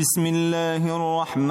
بسم الله الرحمن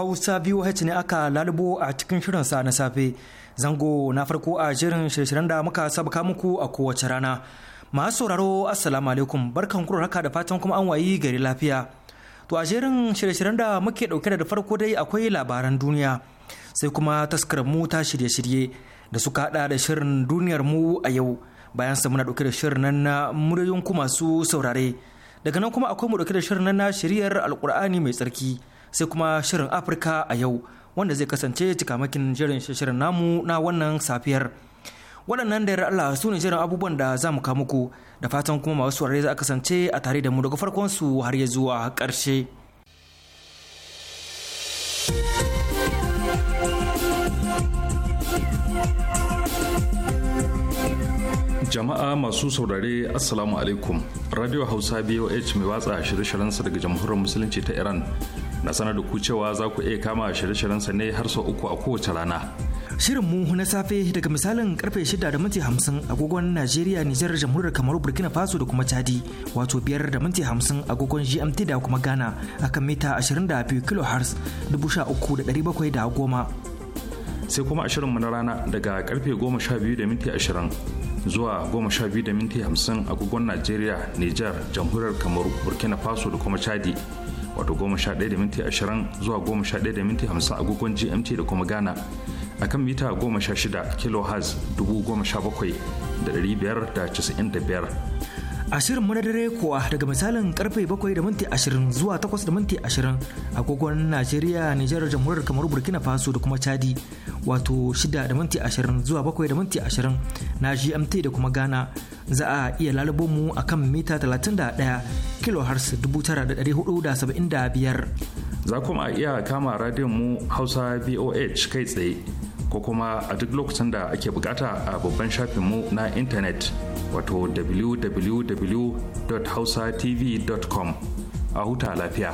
hausa biyu voh ne aka lalubo a cikin shirinsa na safe zango na farko a shirin shirye da muka sabuka muku a kowace rana masu sauraro assalamu alaikum barkan kuro haka da fatan kuma an wayi gari lafiya to a shirin shirye da muke dauke da farko dai akwai labaran duniya sai kuma taskar mu ta shirye-shirye da suka hada da shirin duniyar mu a yau bayan sa muna dauke da shirin nan na muryoyin ku masu saurare daga nan kuma akwai mu dauke da shirin nan na shiriyar alkur'ani mai tsarki sai kuma shirin Afirka a yau wanda zai kasance cikamakin jirin shirin namu na wannan safiyar. Waɗannan da Allah su ne jiran abubuwan da za mu muku da fatan kuma masu ware za a kasance a tare da mu daga farkon su har ya zuwa ƙarshe. jama'a masu saurare assalamu alaikum radio hausa boh mai watsa shirye-shiryensa daga jamhuriyar musulunci ta iran na sanar da ku cewa za ku iya kama shirye-shiryen sa ne har sau uku a kowace rana. Shirin mu na safe daga misalin karfe 6 da minti 50 agogon Najeriya, Nijar, Jamhuriyar Kamaru, Burkina Faso da kuma Chadi, wato 5 da minti 50 agogon GMT da kuma Ghana akan mita 22 kHz 13,710. Sai kuma ashirin mu na rana daga karfe 12 da minti 20 zuwa goma sha biyu da minti hamsin agogon najeriya niger jamhuriyar kamaru burkina faso da kuma chadi wato goma sha ɗaya da minti ashirin zuwa goma sha ɗaya da minti hamsin agogon gmt da kuma ghana a kan mita goma sha shida kilo kilohertz dubu goma sha bakwai da ɗari biyar da casa'in da biyar a shirin mu na dare kuwa daga misalin karfe bakwai da minti ashirin zuwa takwas da minti ashirin agogon najeriya nijar jamhuriyar kamar burkina faso da kuma chadi wato shida da minti ashirin zuwa bakwai da minti ashirin na gmt da kuma ghana za a iya lalubo mu a kan mita 31 da biyar. Za kuma iya kama radiyon mu Hausa BOH kai tsaye ko kuma a duk lokacin da ake bukata a babban shafin mu na intanet wato www.hausatv.com a huta lafiya.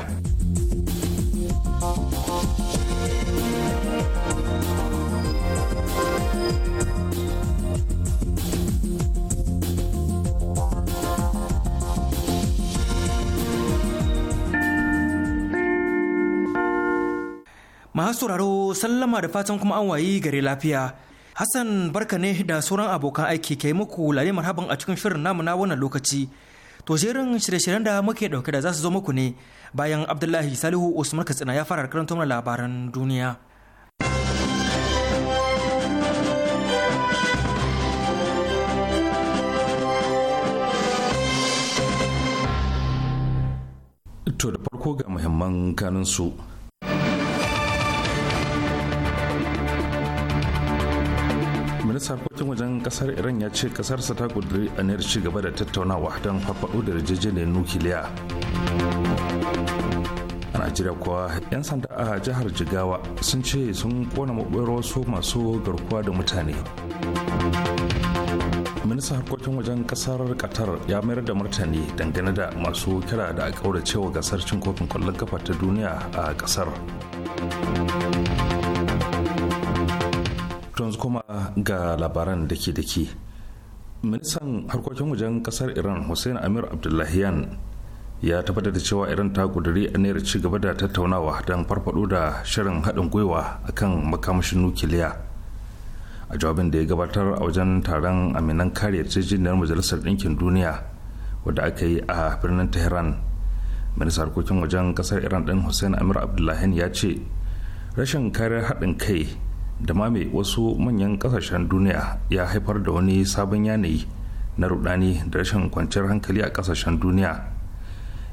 Masu sauraro sallama da fatan kuma an wayi gare lafiya. Hassan barka ne da sauran abokan aiki ke muku lare marhaban a cikin shirin namu na wannan lokaci. To jerin shirye-shiryen da muke dauke da za su zo muku ne bayan Abdullahi Salihu Usman Katsina ya fara karanta mana labaran duniya. To da farko ga muhimman kanin su. minista harkokin wajen kasar iran ya ce kasarsa ta a aniyar ci gaba da tattaunawa don farfaɗo da yarjejeniyar nukiliya a najeriya kuwa 'yan sanda a jihar jigawa sun ce sun kona maɓoyar wasu masu garkuwa da mutane Minista harkokin wajen kasar qatar ya mayar da martani dangane da masu kira da a ƙauracewa gasar cin kofin kwallon kafa ta duniya a kasar yanzu kuma ga labaran da ke da ke ministan harkokin wajen kasar iran hussein amir abdullahiyan ya tabbatar da cewa iran ta kuduri aniyar ci gaba da tattaunawa don farfado da shirin haɗin gwiwa akan makamashin nukiliya a jawabin da ya gabatar a wajen taron aminan kare yarjejeniyar majalisar ɗinkin duniya wadda aka yi a birnin tehran Ministan harkokin wajen kasar iran ɗin hussein amir abdullahian ya ce rashin kariyar haɗin kai da mame wasu manyan kasashen duniya ya haifar da wani sabon yanayi na rudani da rashin kwanciyar hankali a kasashen duniya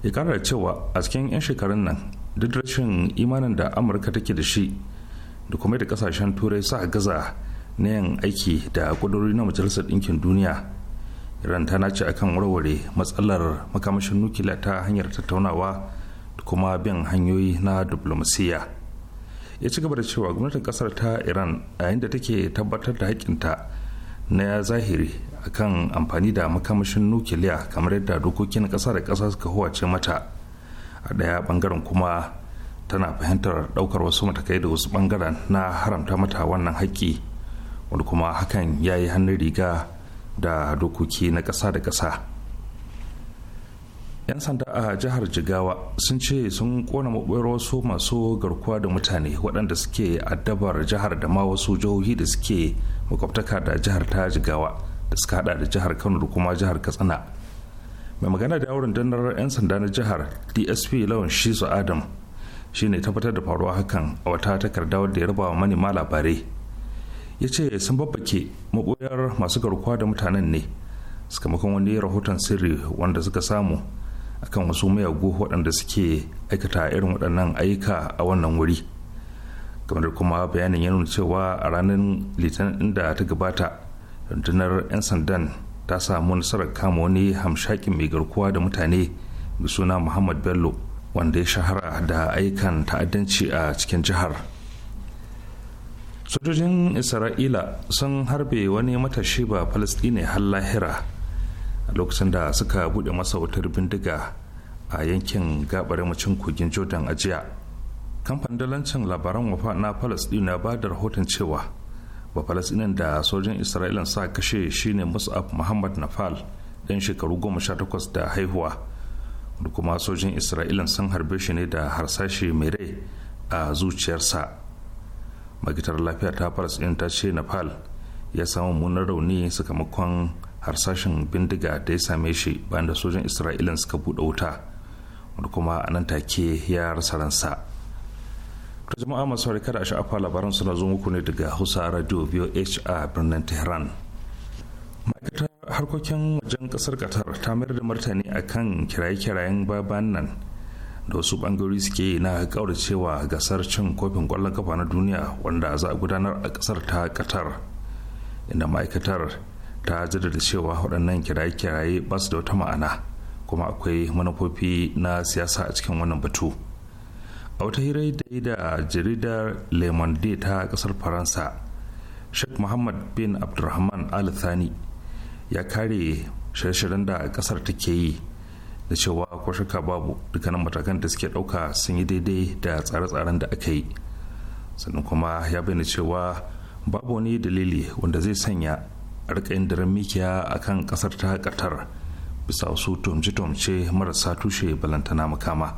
ya kara cewa a cikin 'yan shekarun nan duk rashin imanin da amurka take da shi da kuma da kasashen turai sa gaza na yin aiki da kudurori na majalisar ɗinkin duniya iran ta nace akan warware matsalar makamashin nukiliya ta hanyar tattaunawa da kuma bin hanyoyi na diplomasiyya ya ci gaba da cewa gwamnatin kasar ta iran a yayin da take tabbatar da haƙƙinta na zahiri akan amfani da makamashin nukiliya kamar yadda dokokin ƙasa da ƙasa suka huwace mata a ɗaya ɓangaren kuma tana fahimtar ɗaukar wasu matakai da wasu ɓangaren na haramta mata wannan haƙƙi wanda kuma hakan ya yi hannun riga da dokoki na ƙasa da ƙasa 'yan sanda a jihar jigawa sun ce sun kona maɓoyar wasu masu garkuwa da mutane waɗanda suke addabar jihar da ma wasu jihohi da suke makwabtaka da jihar ta jigawa da suka hada da jihar kano da kuma jihar katsina mai magana da yawon dandarar 'yan sanda na jihar dsp lawan shizu adam shi ne tabbatar da faruwa hakan a wata takarda wadda ya raba wa manema labarai ya ce sun babbake maɓoyar masu garkuwa da mutanen ne sakamakon wani rahoton sirri wanda suka samu akan wasu mayagu waɗanda suke aikata irin waɗannan aika a wannan wuri kamar kuma bayanin ya nuna cewa a ranar litinin da ta gabata rundunar 'yan sandan ta samu nasarar kama wani hamshakin mai garkuwa da mutane mai suna muhammad bello wanda ya shahara da aikan ta'addanci a cikin jihar sojojin isra'ila sun harbe wani matashi ba falastine har lahira lokacin da suka buɗe masa wutar bindiga a yankin gabar macin kogin jordan a jiya kamfanin dalancin labaran wafa na palestine ya ba da rahoton cewa ba da sojin isra'ila sa kashe shine mus'ab muhammad nafal dan shekaru goma sha takwas da haihuwa da kuma sojin isra'ila sun harbe shi ne da harsashi mai rai a zuciyarsa magitar lafiya ta palestine ta ce nafal ya samu munar rauni sakamakon harsashin bindiga da ya same shi bayan da sojan isra'ila suka buɗe wuta wanda kuma a nan take ya rasa ransa ta jama'a masu harika da sha'afa labaran suna zo muku ne daga hausa radio voh a birnin tehran ma'aikatar harkokin wajen kasar qatar ta mayar da martani akan kiraye-kirayen baban nan da wasu bangarori suke na kauracewa gasar cin kofin kwallon kafa na duniya wanda za a gudanar a kasar ta qatar inda ma'aikatar ta jaddada cewa waɗannan kiraye-kiraye ba su da wata ma'ana kuma akwai manufofi na siyasa a cikin wannan batu a wata hira da yi da jaridar le monde ta ƙasar faransa sheikh muhammad bin abdulrahman al thani ya kare shirye-shiryen da ƙasar take yi da cewa ko shakka babu dukkanin matakan da suke ɗauka sun yi daidai da tsare-tsaren da aka yi sannan kuma ya bayyana cewa babu wani dalili wanda zai sanya a rika yin daren mikiya a kan ƙasar ta katar bisa wasu tumce-tumce marasa tushe balantana makama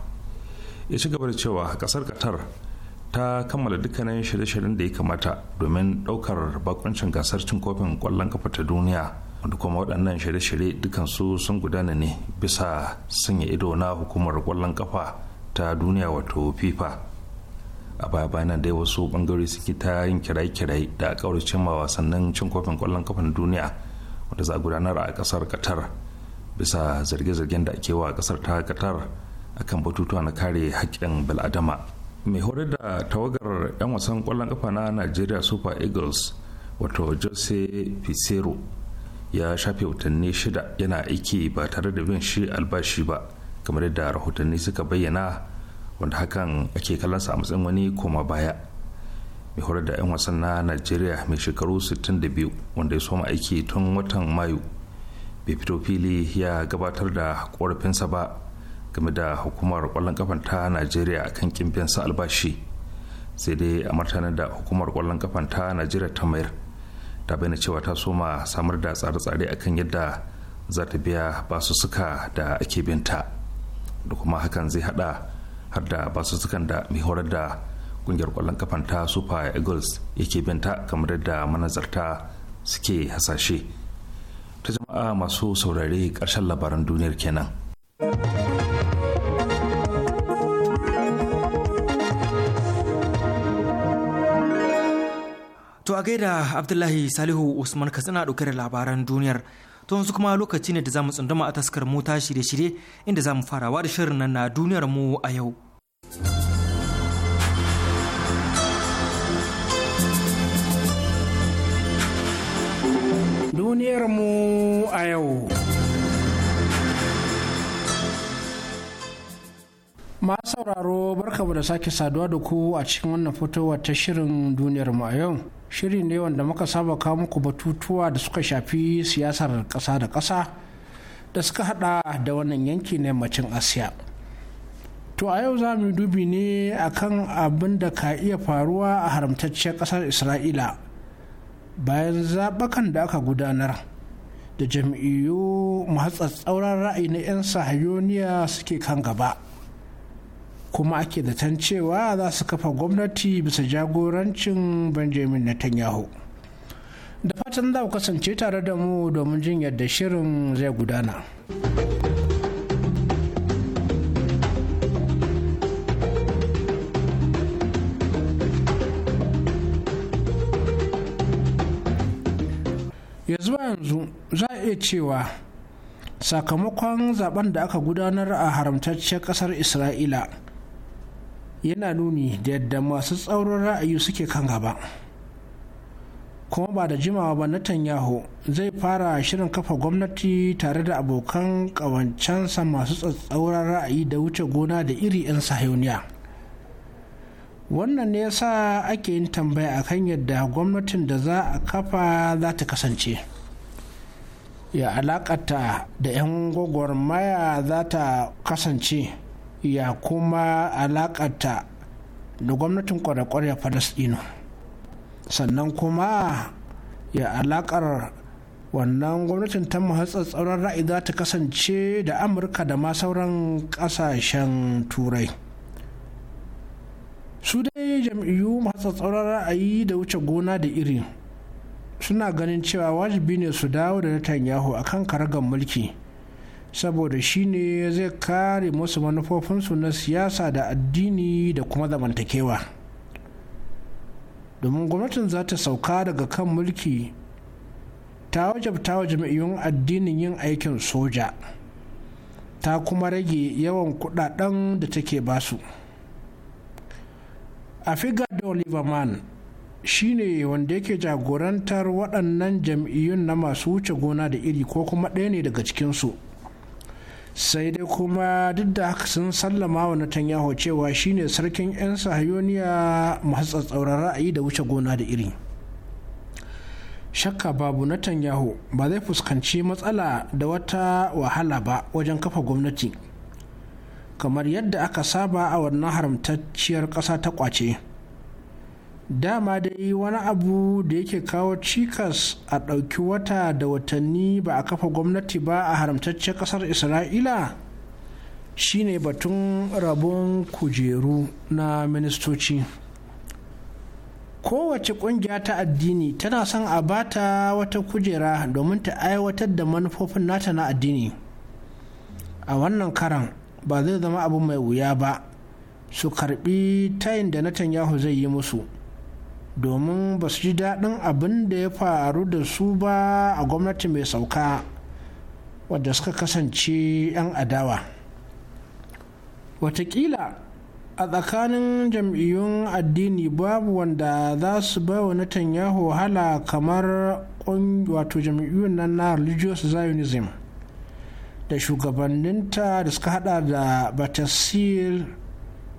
ya ci gaba da cewa ƙasar katar ta kammala dukkanin shirye-shiryen da ya kamata domin ɗaukar bakoncin gasar cin kofin kwallon kafa ta duniya wanda kuma waɗannan shirye-shirye dukansu sun gudana ne bisa sanya ido na hukumar ƙwallon kafa ta duniya wato fifa a baya bayanan dai wasu bangarori suke ta yin kirai-kirai da kaurace ma wasannin cin kofin kwallon kafan duniya wanda za a gudanar a kasar qatar bisa zarge-zargen da ake wa kasar ta qatar akan batutuwa na kare haƙƙin bil'adama mai horar da tawagar 'yan wasan kwallon kafa na nigeria super eagles wato jose pisero ya shafe watanni shida yana aiki ba tare da bin shi albashi ba kamar yadda rahotanni suka bayyana wanda hakan ake sa a matsayin wani koma baya mai horar da 'yan wasan na najeriya mai shekaru 62 wanda ya soma aiki tun watan mayu bai fito fili ya gabatar da korafinsa ba game da hukumar kwallon kafan ta najeriya kan sa albashi sai dai a martanin da hukumar kwallon kafan ta najeriya ta mayar ta bayyana cewa ta soma samar da tsare-tsare akan yadda za ta biya basu suka da ake binta da kuma hakan zai hada har da basussukan da mai horar da kungiyar kwallon kafan ta super eagles yake binta kamar da manazarta suke hasashe ta jama'a masu saurare ƙarshen labaran duniyar kenan. To a gaida Abdullahi Salihu Usman Katsina ɗauke da labaran duniyar. to yanzu kuma lokaci ne da za mu tsundama a taskar mu tashi shirye-shirye inda za mu farawa da shirin nan na duniyar mu a yau. Duniyar mu a yau. Ma sauraro barkamu da sake saduwa da ku a cikin wannan fitowar ta shirin duniyar mu a yau. shiri ne wanda muka saba kawo muku batutuwa da suka shafi siyasar ƙasa da ƙasa da suka hada da wannan yanki na yammacin asiya to a yau za mu dubi ne akan abin da ka iya faruwa a haramtacciyar ƙasar isra'ila bayan zaɓakan da aka gudanar da jam'iyyu masu tsatsauran ra'ayi na 'yan sahayoniya suke kan gaba. kuma ake zaton cewa za su kafa gwamnati bisa jagorancin benjamin netanyahu da fatan za ku kasance tare da mu domin jin yadda shirin zai gudana ya zuwa yanzu za a iya cewa sakamakon zaben da aka gudanar a haramtacciyar kasar isra'ila yana nuni da yadda masu tsauran ra'ayi suke kan gaba kuma ba da jimawa ba na tanyahu zai fara shirin kafa gwamnati tare da abokan ƙawancensa masu tsatsauran ra'ayi da wuce gona da iri 'yan sahiyoniya wannan ne ya yasa ake yin tambaya a kan yadda gwamnatin da za a kafa za ta kasance ya alakata da 'yan gwagwarmaya za ta kasance ya kuma alakata da gwamnatin kwarekwarya falasdino sannan kuma ya alakar wannan gwamnatin ta mahatsatsauran ra'ayi za ta kasance da amurka da ma sauran kasashen turai su dai jam'iyyu mahatsatsauran ra'ayi da wuce gona da iri suna ganin cewa wajibi ne su dawo da netanyahu akan karagar mulki saboda shi ne zai kare masu manufofinsu na siyasa da addini da kuma zamantakewa domin gwamnatin za ta sauka daga kan mulki ta wajabta wa jami'in addinin yin aikin soja ta kuma rage yawan kudaden da take basu a figa da oliverman shi ne wanda yake jagorantar waɗannan jam'iyyun na masu wuce gona da iri ko kuma ɗaya ne daga cikinsu sai dai kuma duk da haka sun sallama wa Netanyahu cewa shine sarkin 'yan sahayoniya masu tsatsauran ra'ayi da wuce gona da iri shakka babu Netanyahu ba zai fuskanci matsala da wata wahala ba wajen kafa gwamnati kamar yadda aka saba a wannan haramtacciyar ƙasa ta kwace. dama dai wani abu da yake kawo cikas a ɗauki wata da watanni ba a kafa gwamnati ba a haramtacce ƙasar isra'ila shine batun rabon kujeru na ministoci kowace ƙungiya ta addini tana son a bata wata kujera domin ta aiwatar da manufofin nata na addini a wannan karan ba zai zama abu mai wuya ba su karbi tayin da yahu zai yi musu domin ba su ji daɗin abin da ya faru da su ba a gwamnati mai sauka wadda suka kasance 'yan adawa watakila a tsakanin jam'iyyun addini babu wanda za su ba wa Netanyahu wahala kamar wato jam'iyyun nan na religious zionism da shugabanninta da suka hada da batasir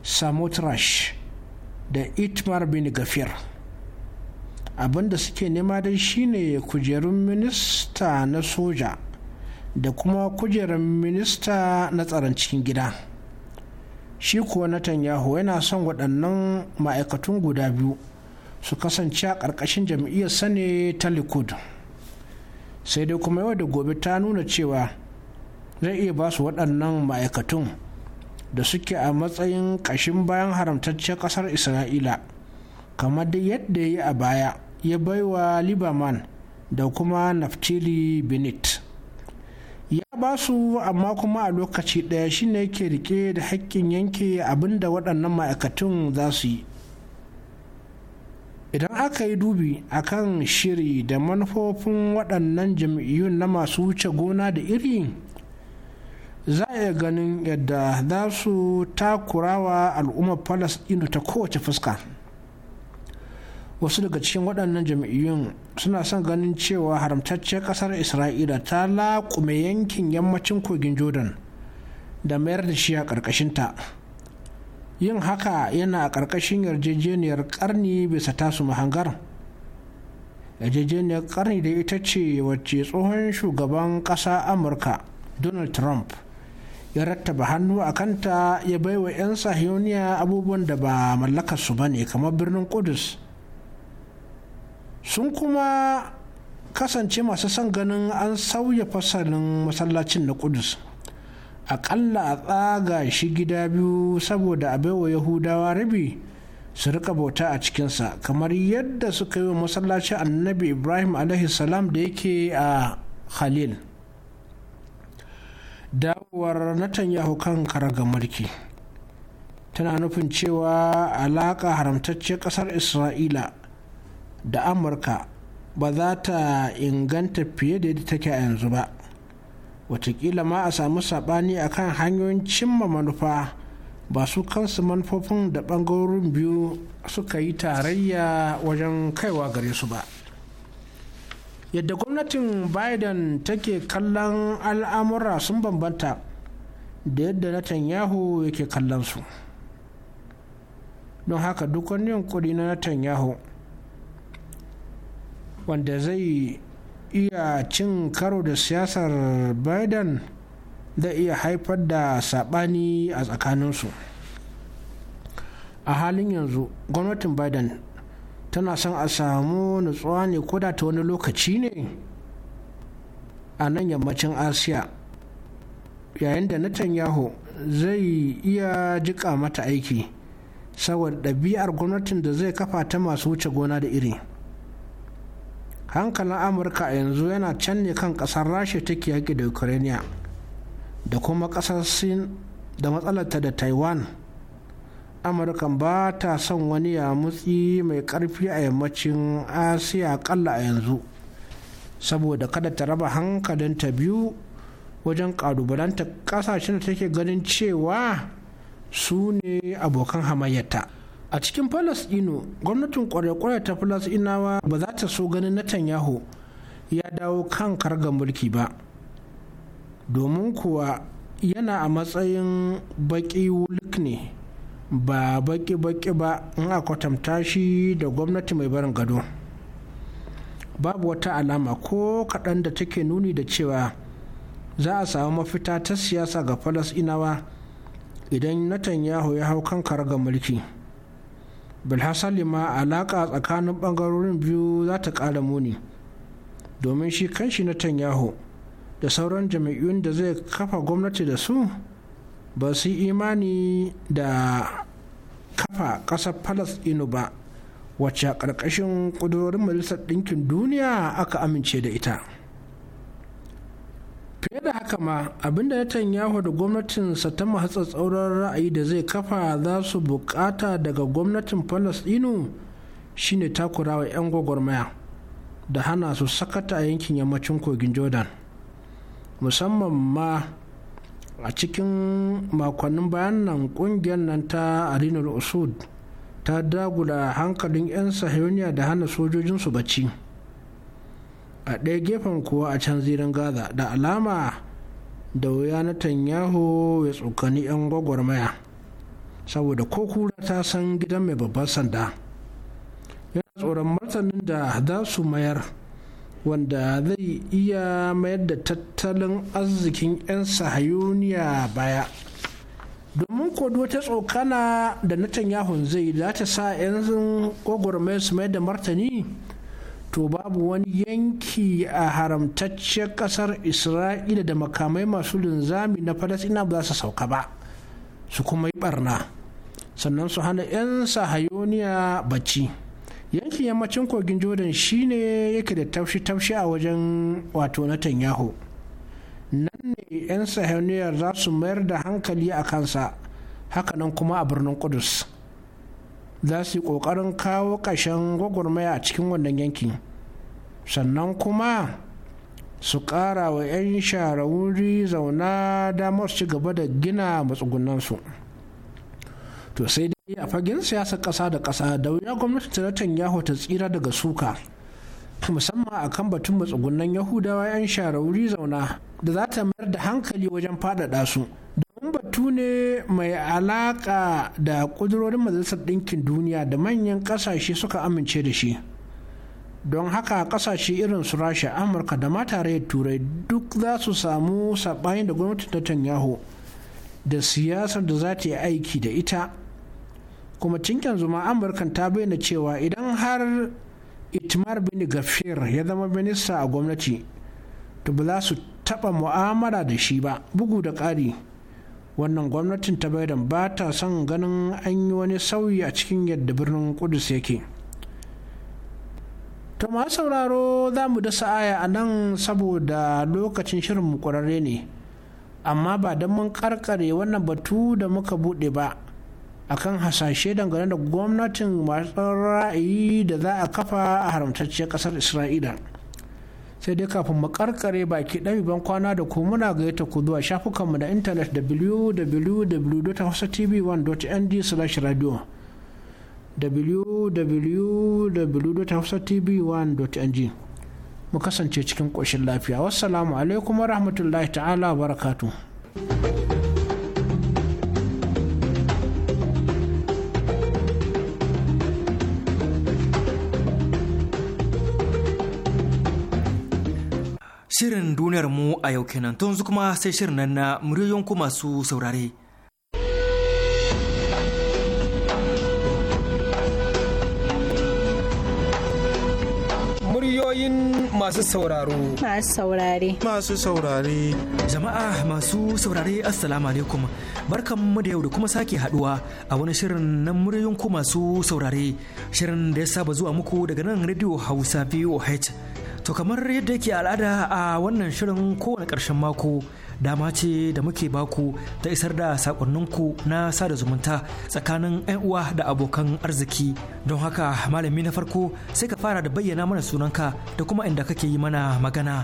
samotrash da itmar bin gafir abinda suke nema dai shine kujerun minista na soja da kuma kujerun minista na tsaron cikin gida shi kuwa na netanyahu yana son waɗannan ma'aikatun guda biyu su kasance a ƙarƙashin jam'iyyar sane ta likud sai dai kuma yau da gobe ta nuna cewa zai iya ba su waɗannan ma'aikatun da suke a matsayin ƙashin bayan haramtaccen ƙasar isra'ila kamar da yadda ya yi a baya ya baiwa liberman da kuma naftili benet ya ba su amma kuma a lokaci ɗaya shine ke rike da haƙƙin yanke abinda waɗannan ma'aikatun za su yi idan aka yi dubi a kan shiri da manufofin waɗannan jam'iyyun na masu wuce gona da iri za a iya ganin yadda za su takurawa al'ummar falasɗinu ta kowace fuska. wasu daga cikin waɗannan jam'iyyun suna son ganin cewa haramtacciyar ƙasar isra'ila ta laƙume yankin yammacin kogin jordan da mayar da shi a ta yin haka yana a ƙarƙashin yarjejeniyar ƙarni bisa tasu mahangar yarjejeniyar ƙarni da ita ce wacce tsohon shugaban ƙasa amurka donald trump ya rattaba hannu a kanta ya baiwa 'yan sahiyoniya abubuwan da ba mallakarsu ba ne kamar birnin kudus sun kuma kasance masu son ganin an sauya fasalin masallacin na kudus aƙalla a tsaga shi gida biyu saboda a baiwa yahudawa rabi su rika bauta a cikinsa kamar yadda suka yi wa masallacin annabi ibrahim salam da yake a khalil dawowar netanyahu kan karaga mulki tana nufin cewa alaƙa haramtaccen ƙasar isra'ila da amurka ba za ta inganta fiye da yadda take a yanzu ba watakila ma a samu saɓani a kan hanyoyin cimma manufa ba su kansu manufofin da ɓangarorin biyu suka yi tarayya wajen kaiwa gare su ba yadda gwamnatin biden take kallon al'amura sun bambanta da yadda netanyahu yake kallon su don haka duk wani yunkuri na netanyahu wanda zai iya cin karo da siyasar biden da iya haifar da saɓani a tsakaninsu a halin yanzu gwamnatin biden tana son a samu nutsuwa ne koda ta wani lokaci ne a nan yammacin asiya yayin da netanyahu zai iya jika mata aiki saboda ɗabi'ar gwamnatin da zai kafa ta masu wuce gona da iri hankalin amurka a yanzu yana can ne kan kasar rasha take yaƙi da ukraine da kuma kasar sin da matsalarta da taiwan amurkan ba ta son wani ya mutsi mai ƙarfi a yammacin asiya akalla a yanzu saboda kada ta raba hankalinta biyu wajen kalubalanta kasashen da take ganin cewa su ne abokan hamayyata a cikin Falasɗinu, gwamnatin kwarekwarai ta inawa ba za ta so ganin netanyahu ya dawo kan karga mulki ba domin kuwa yana a matsayin baki wulik ne ba baki-baki ba in a kwatanta shi da gwamnati mai barin gado babu wata alama ko kaɗan da take nuni da cewa za a samu mafita ta siyasa ga falasinawa idan netanyahu ya hau kan ga mulki. bilhassan ma alaka tsakanin bangarorin biyu za ta ƙara muni domin shi kanshi na tanyahu da sauran jami'un da zai kafa gwamnati da su ba su imani da kafa ƙasar palestino ba wacce a ƙarƙashin ƙudurorin majalisar ɗinkin duniya aka amince da ita fiye da haka ma abinda netanyahu da gwamnatinsa ta tsauran ra'ayi da zai kafa za su bukata daga gwamnatin falasdinu shine takurawa 'yan gwagwarmaya da hana su sakata a yankin yammacin kogin jordan musamman ma a cikin makonnin bayan nan kungiyar nan ta arinal usud ta dagula hankalin 'yan sahiyoniya da hana sojojinsu bacci. a ɗaya gefen kuwa a can zirin gaza da alama da wuya na tanyahu ya tsokani 'yan gwagwarmaya saboda ko kura ta san gidan mai babban sanda yana tsoron martanin da za su mayar wanda zai iya mayar da tattalin arzikin 'yan sahayuniya baya domin kodu wata tsokana da na tanyahun zai za ta sa 'yan gwagwarmaya su mayar da martani to babu wani yanki a haramtacciyar ƙasar isra'ila da makamai masu linzami na falasina ba za su sauka ba su kuma yi barna sannan su hana 'yan sahayoniya bacci yankin yammacin kogin jordan shine yake da taushi-taushi a wajen wato netanyahu nan ne 'yan sahayoniyar za su mayar da hankali a kansa hakanan kuma a birnin kudus za su yi ƙoƙarin kawo ƙashen gwagwarmaya a cikin wannan yankin sannan kuma su ƙara wa 'yan shara zauna damar ci gaba da gina matsugunansu to sai dai a fagen siyasar ƙasa da ƙasa da wuya gwamnatin yahoo ta tsira daga suka musamman a kan batun matsugunan yahudawa 'yan shara zauna da za ta mayar da hankali wajen faɗaɗa su batu ne mai alaƙa da ƙudurorin majalisar ɗinkin duniya da manyan ƙasashe suka amince da shi don haka ƙasashe irin su rasha amurka da ma tarayyar turai duk za su samu saɓani da gwamnatin netanyahu da siyasar da za ta yi aiki da ita kuma tun zuma ma amurkan ta bayyana cewa idan har itmar bin gafir ya zama minista a gwamnati to ba za su taɓa mu'amala da shi ba bugu da ƙari wannan gwamnatin ta biden ba ta son ganin an yi wani sauyi a cikin yadda birnin kudus yake to ma sauraro za mu da sa'aya a nan saboda lokacin shirin ƙwararre ne amma ba don mun karkare wannan batu da muka buɗe ba akan hasashe dangane da gwamnatin masu ra'ayi da za a kafa a haramtacciyar ƙasar isra'ila sai dai kafin mu karkare baki ban kwana da ku muna gayyata ku zuwa shafukanmu na intanet www.hausatv1.ng/radio www.hausatv1.ng mu kasance cikin ƙoshin lafiya wassalamu alaikum rahmatullahi ta'ala barakatu. Shirin duniyar mu a yau kenan to yanzu kuma sai shirin nan na muryoyin ku masu saurare. Muryoyin masu sauraro. Masu saurare. Masu saurare. Jama'a masu saurare Assalamu alaikum. Barkan mu da yau da kuma sake haduwa a wani shirin na muryoyin ku masu saurare. Shirin da ya saba zuwa muku daga nan Radio Hausa VOH. To kamar yadda yake al'ada a wannan shirin kowane ƙarshen mako dama ce da muke baku ta isar da sakonninku na sada zumunta tsakanin 'yan uwa da abokan arziki don haka malami na farko sai ka fara da bayyana mana sunanka da kuma inda kake yi mana magana.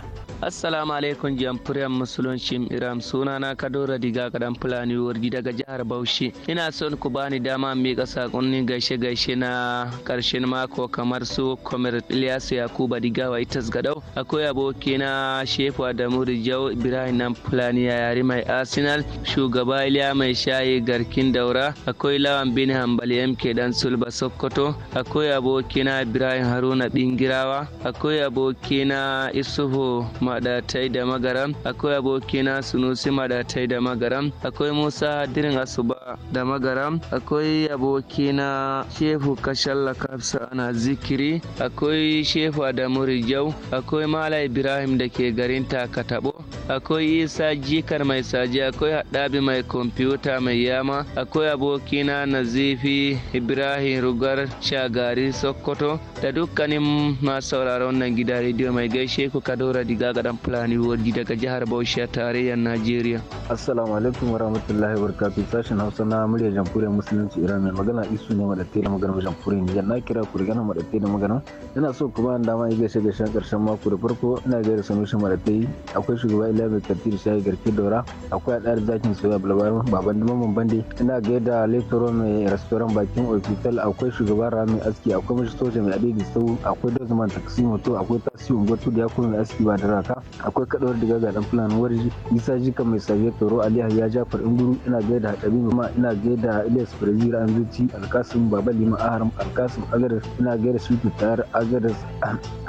assalamu alaikum jamfuriyar musuluncin iram suna na kadora diga kadan fulani wargi daga jihar bauchi ina son ku bani dama miƙa saƙonni gaishe gaishe na karshen mako kamar su kwamar ilyasu yakuba diga wa itas gadau akwai abokina shefu adamu rijau ibrahim nan fulani ya yare mai arsenal shugaba iliya mai shayi garkin daura akwai lawan bin hambali mk dan sulba sokoto akwai abokina ibrahim haruna bingirawa akwai abokina isuhu madatai da magaram akwai abokina sunusi madatai da magaram akwai musa dirin asuba da magaram akwai abokina shefu kashalla kafsa ana zikiri akwai shefu adamu rijau akwai mala ibrahim da ke garin takatabo akwai isa jikar mai saji akwai haɗabi mai kwamfuta mai yama akwai abokina nazifi ibrahim rugar shagari sokoto da dukkanin masu sauraron nan gida rediyo mai gaishe ku kadora diga kadan fulani wadi daga jihar Bauchi tarayyar Najeriya. Assalamu alaikum wa rahmatullahi wa barakatuh sashen Hausa na murya jamhuriyar musulunci Iran mai magana isu ne ma da magana jamhuriyar Nijar na kira ku rigana da magana ina so ku ba dama ya gaishe gaishen karshen mako da farko ina gaida sanushin madatte akwai shugaba Ila mai karti da shayi garki daura akwai adar zakin soya bulbarin baban da mamman bande ina da leftoro mai restaurant bakin ofital akwai shugaban rami aski akwai mashi soja mai adadi sau akwai dozman taksi moto akwai tasiri ungo da ya kuma mai aski ba da raka ta akwai kadawar diga ga dan Fulani Warji Isa Jika mai sabiya Toro Ali ya Jafar Inguru ina gaida hadabi kuma ina gaida Ilyas Brazil Anzuci Alkasim Baba Lima Aharam Alkasim agar ina gaida Sutu Tayar agar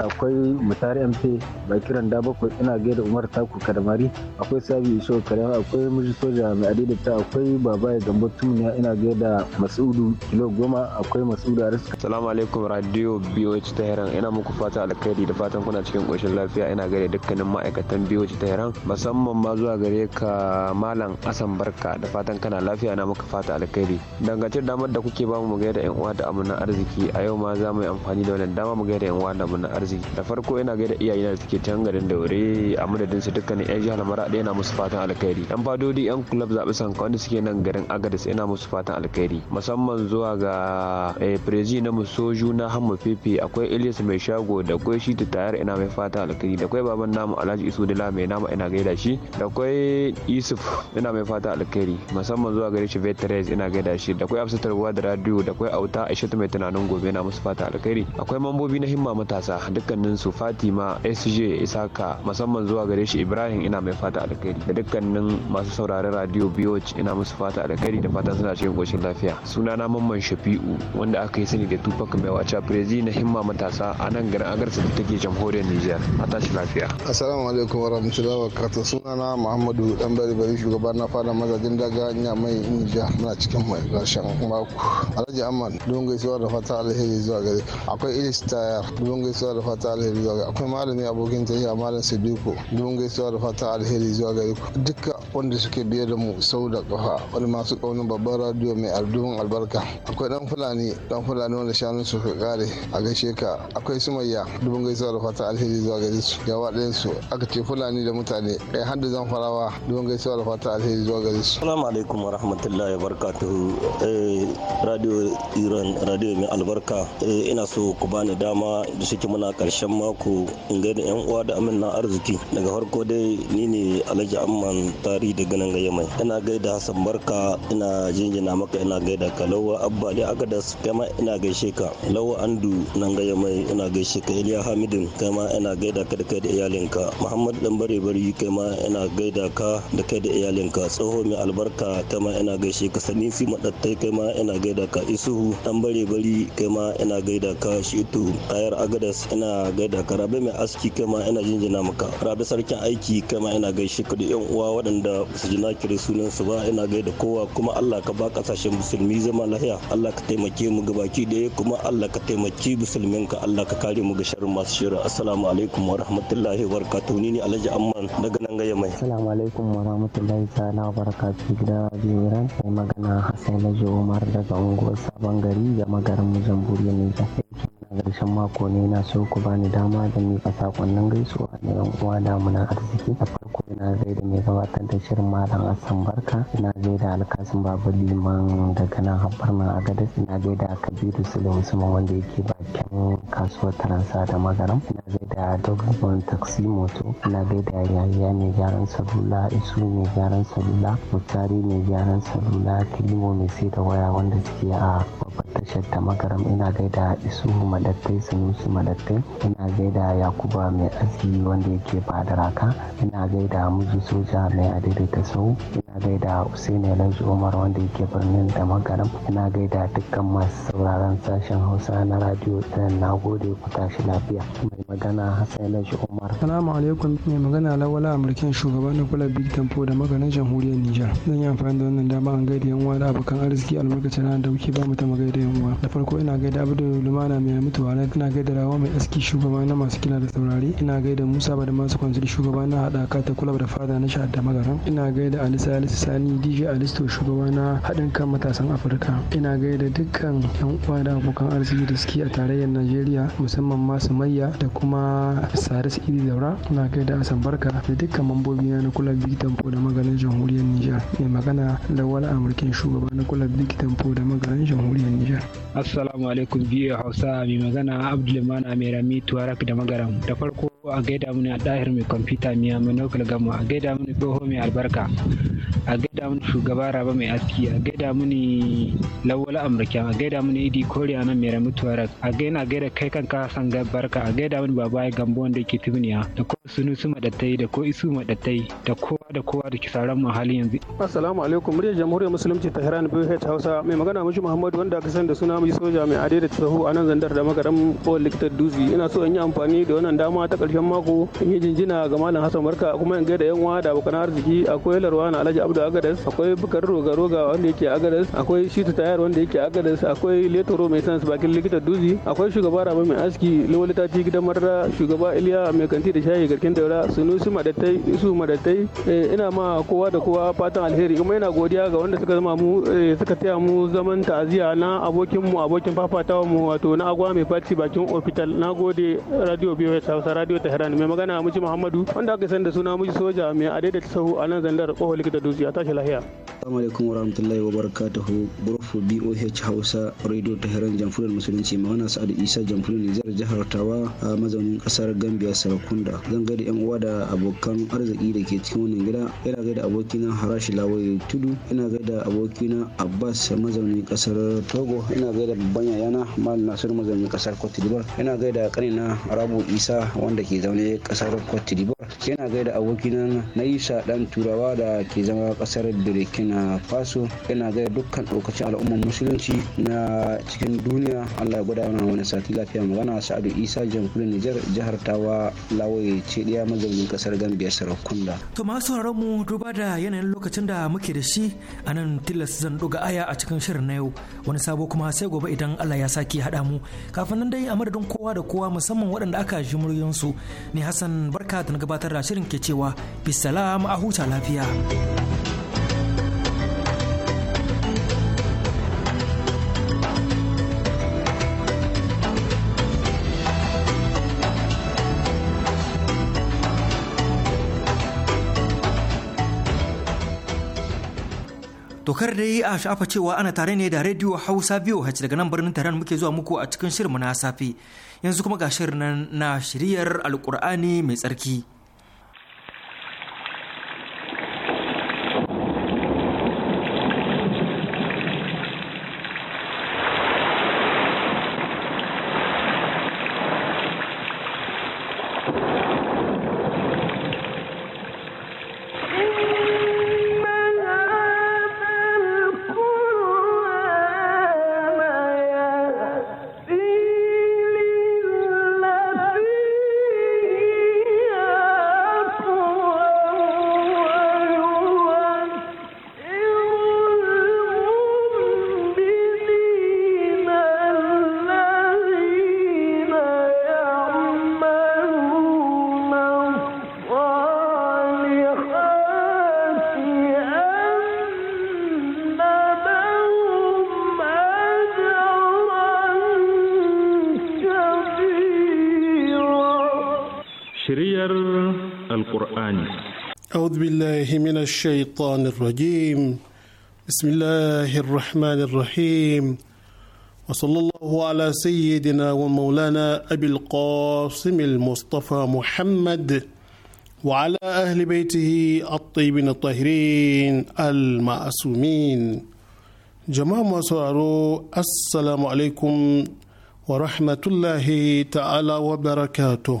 akwai mutari MP Bakiran da bakwai ina gaida Umar Taku Kadamari akwai Sabi iso Kadamari akwai Miji Soja mai adidata akwai Baba ya Gambo Tumniya ina gaida Masudu Kilo Goma akwai Masudu Aris Assalamu alaikum radio BOH Tehran ina muku fata alkhairi da fatan kuna cikin koshin lafiya ina gaida duk dukkanin ma'aikatan biyoci tehran musamman ma zuwa gare ka malam asan barka da fatan kana lafiya na muka fata alkhairi dangance damar da kuke bamu mu gaida yan uwa da amana arziki a yau ma za mu yi amfani da wannan dama mu gaida yan uwa da na arziki da farko ina gaida iyayena da suke can garin daure a madadin su dukkanin yan jihar maraɗi yana musu fatan alkhairi yan fadodi yan kulub zabi sanka wanda suke nan garin agadis ina musu fatan alkhairi musamman zuwa ga eh, Prezi na musoju na hamma fifi akwai ilis mai shago da akwai shi ta tayar ina mai fatan alkhairi da akwai baban namu alhaji isu dila mai nama ina gaida shi da kwai yusuf ina mai fata alkhairi musamman zuwa gare shi veterans ina gaida shi da kwai absatar ruwa da radio da kwai auta aishatu mai tunanin gobe na musu fata alkhairi akwai mambobi na himma matasa dukkanin su fatima sj isaka musamman zuwa gare shi ibrahim ina mai fata alkhairi da dukkanin masu sauraron radio biyoc ina musu fata alkhairi da fatan suna cikin koshin lafiya suna na mamman shafi'u wanda aka yi sani da tupac mai wacha prezi na himma matasa a nan garin agarsa da take jamhuriyar nijar a tashi lafiya Assalamu alaikum wa rahmatullahi wa suna Sunana Muhammadu Dan Bari Bari shugaban na fara mazajin daga nya mai Inja muna cikin mai rashin mako. Alhaji Amman dubin gaisuwa da fata alheri zuwa gare. Akwai Ilis Tayar don gaisuwa da fata alheri zuwa gare. Akwai malami abokin tafiya malam Sadiku dubin gaisuwa da fata alheri zuwa gare ku. Duka wanda suke biye da mu sau da kafa wani masu kaunin babban radiyo mai aldubin albarka. Akwai dan Fulani dan Fulani wanda shanun su ka kare a gaishe ka. Akwai Sumayya dubin gaisuwa da fata alheri zuwa gare su. Gaba ɗaya su aka ce fulani da mutane kai har da zan farawa don gaisu da fata sai zuwa gare su salamu alaikum wa rahmatullahi wa barakatuhu eh, radio iran radio mai albarka eh, ina so ku bani dama da suke muna karshen mako in gaida yan uwa da amin na arziki daga farko dai ni ne alhaji amman tari daga ganin gaya mai ina gaida hasan barka ina jinjina maka ina gaida ka lawa abba da aka da su ma ina gaishe ka lawa andu nan gaya mai ina gaishe ka iliya hamidin ma ina gaida ka da kai da iyalin iyalinka muhammad dan bari kai ma ina gaida ka da kai da iyalinka tsoho mai albarka kai ma ina gaishe ka fi madattai kai ma ina gaida ka isuhu dan bari kai ma ina gaida ka shitu tayar agadas ina gaida ka rabe mai aski kai ma ina jinjina maka rabe sarkin aiki kai ma ina gaishe ka da yan uwa waɗanda su na kiri sunan su ba ina gaida kowa kuma Allah ka ba kasashen musulmi zama lahiya Allah ka taimake mu gabaki daya kuma Allah ka taimaki musulmin ka Allah ka kare mu ga sharrin masu shirin assalamu alaikum wa rahmatullahi wa barakatuhu ni ne Alhaji Amman daga nan gaya mai. salamu alaikum wa rahmatullahi ta'ala wa barakatuhu gida Iran sai magana Hassan Laji Umar daga unguwar Sabon Gari da magarin Mujamburiya Nijar. karshen mako ne na so ku bani dama da miƙa sakonnin gaisuwa na yan uwa da muna arziki ina gaida mai gabatar da shirin malam hassan barka ina gaida alkasin babu liman daga nan habbar na ina gaida kabiru sule musamman wanda yake bakin kasuwar taransa da magaram ina gaida dogon taxi moto ina gaida yaya mai gyaran salula isu mai gyaran salula mutari mai gyaran salula kilimo mai sai da waya wanda suke a babbar tashar ta magaram ina gaida Isu madattai sanusi madattai ina gaida yakuba mai aski wanda yake raka ina gaida muji soja mai ta sau ina gaida usaini alhaji umar wanda yake birnin da magaram ina gaida dukkan masu sauraron sashen hausa na radio ɗin na gode ku tashi lafiya mai magana hassan alhaji umar salamu alaikum mai magana lawala amurkin shugaban na kula big tempo da maganin jamhuriyar nijar zan yi amfani da wannan dama an gaida yan wani abokan arziki albarkacin da muke ba mu ta magaida yamma da farko ina gaida abdu lumana mai mutuwa na ina gaida rawa mai aski shugaba na masu kila da saurari ina gaida musa ba da masu kwanci shugaba na haɗaka ta kula da fada na shahada magaran ina gaida alisa alisa sani dj alisto shugaba na haɗin kan matasan afirka ina gaida dukkan yan uwa da abokan arziki da suke a tarayyar najeriya musamman masu mayya da kuma saris idi zaura ina gaida asan barka da dukkan mambobi na kula big tempo da maganin jamhuriyar nijar mai magana lawal amurkin shugaba na kula big tempo da maganin jamhuriyar nijar Nijar. Assalamu alaikum biyu Hausa mai magana Abdulman Amirami Tuwarak da Magaram. Da farko a gaida mini a ɗahir mai kwamfuta miya mai naukar gama a gaida mini tsoho mai albarka a gaida mini shugaba raba mai aski a gaida mini lawala amurka a gaida mini idi koriya nan mai ramu tuwarar a gaina gaida kai kanka san barka a gaida mini baba ya gambo wanda yake tuniya da ko sunu su madattai da ko isu madattai da kowa da kowa da kisaran mu hali yanzu. assalamu alaikum muryar jamhuriyar musulunci ta hiran bih hausa mai magana mushi muhammadu wanda aka sani da suna mai soja mai adai da tsaho a nan zandar da magaran ko likitar duzi ina so in yi amfani da wannan dama ta ƙarshe ƙarshen mako in yi jinjina ga malam hassan barka kuma in gaida yan uwa da abokan arziki akwai larwa na alhaji abdu agadas akwai bukar roga roga wanda yake agadas akwai shitu tayar wanda yake agadas akwai letoro mai sans bakin likita duzi akwai shugaba rabe mai aski lawali tati gidan madara shugaba iliya mai kanti da shayi garkin daura sunusi madattai su madattai eh, ina ma kowa da kowa fatan alheri kuma ina godiya ga wanda suka zama mu eh, suka taya mu zaman ta'aziya na abokin mu abokin fafatawa mu wato na agwa mai faci bakin ofital na gode radio biyu hausa radio Tehran mai magana miji Muhammadu wanda aka sani da suna miji soja mai ta sahu a nan zandar kohol likita dutse a tashi lahiya. Assalamu alaikum warahmatullahi wabarakatuhu burfu BOH Hausa Radio Tehran Jamhuriyar Musulunci magana Sa'adu Isa Jamhuriyar Nijar jihar Tawa a mazaunin kasar Gambia Sarakunda zan gaida yan uwa da abokan arziki da ke cikin wannan gida ina gaida abokina Harashi Lawaye Tudu ina gaida abokina Abbas mazaunin kasar Togo ina gaida babban yayana Mal Nasiru mazaunin kasar Cote d'Ivoire ina gaida kanina Rabu Isa wanda ke ke zaune kasar Cote d'Ivoire yana gaida abokina na Isa dan Turawa da ke zama kasar Burkina Faso yana gaida dukkan ɗaukacin al'ummar musulunci na cikin duniya Allah ya gwada mana wani sati lafiya magana Sa'adu Isa jamhuriyar Nijar jihar Tawa Lawaye ce ɗaya mazaunin kasar Gambia Sarakunda. To masu mu duba da yanayin lokacin da muke da shi anan nan tilas zan ɗuga aya a cikin shirin na yau wani sabo kuma sai gobe idan Allah ya sake haɗa mu kafin nan dai a madadin kowa da kowa musamman waɗanda aka ji muryansu ni Hassan barka da na gabatar da shirin ke cewa bisalam a huta lafiya. tokar da yi a shafa cewa ana tare ne da rediyo hausa biyu hace daga nan birnin taron muke zuwa muku a cikin shirin na safe yanzu kuma ga shirin na shiryar alkur'ani mai tsarki القرآن أعوذ بالله من الشيطان الرجيم بسم الله الرحمن الرحيم وصلى الله على سيدنا ومولانا أبي القاسم المصطفى محمد وعلى أهل بيته الطيبين الطاهرين المعصومين جماعة مسوارو السلام عليكم ورحمة الله تعالى وبركاته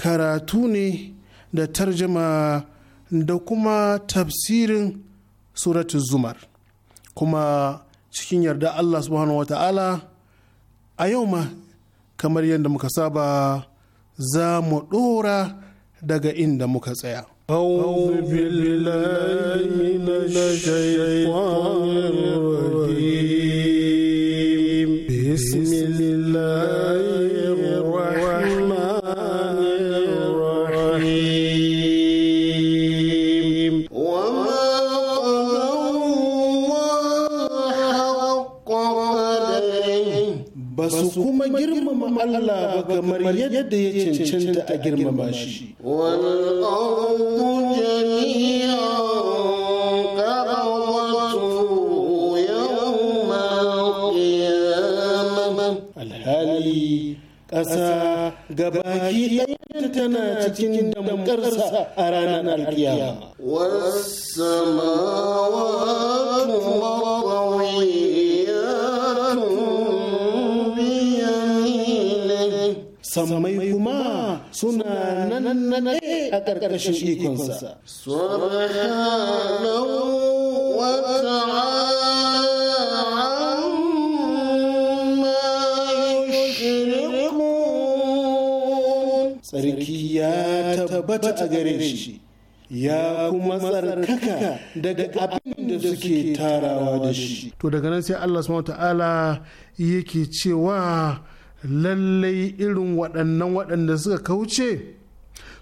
karatu ne da tarjama da kuma tafsirin suratul zumar kuma cikin yarda Allah subhanahu wata'ala a yau ma kamar yadda muka saba za mu ɗora daga inda muka tsaya. أعوذ بالله من الشيطان الرجيم Allah ba kamar yadda ya cancanta a girmama shi. Alhali ƙasa gabaki ɗaya tana cikin damƙarsa a ranar alkiyama. Wasu samawa sammai kuma suna nan na a ƙarƙashin ikonsa. Sarki ya tabbata a gare shi, ya kuma tsarkaka daga abin da suke tarawa da shi. To daga nan sai Allah subhanahu wa ta'ala yake cewa lallai irin waɗannan waɗanda suka kauce